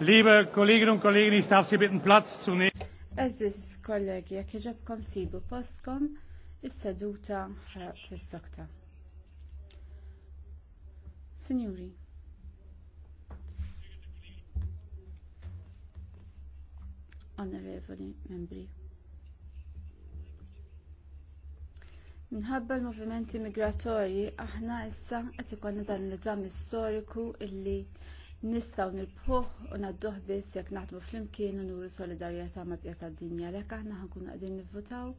Liebe Kolleginnen und Kollegen, ich darf Sie bitten, Platz zu nehmen. Es Aziz kollegi, jekk iġabkom sibu postkom, der Duta, Herr sokta Signori, onorevoli membri. Minħabba l-movimenti migratorji, aħna issa qed ikollna dan l-eżam istoriku illi nistgħu nilbħuh u nadduh biss jekk naħdmu flimkien u nuru solidarjetà ma' bqija tad-dinja Lekk aħna ħankun qegħdin nivvutaw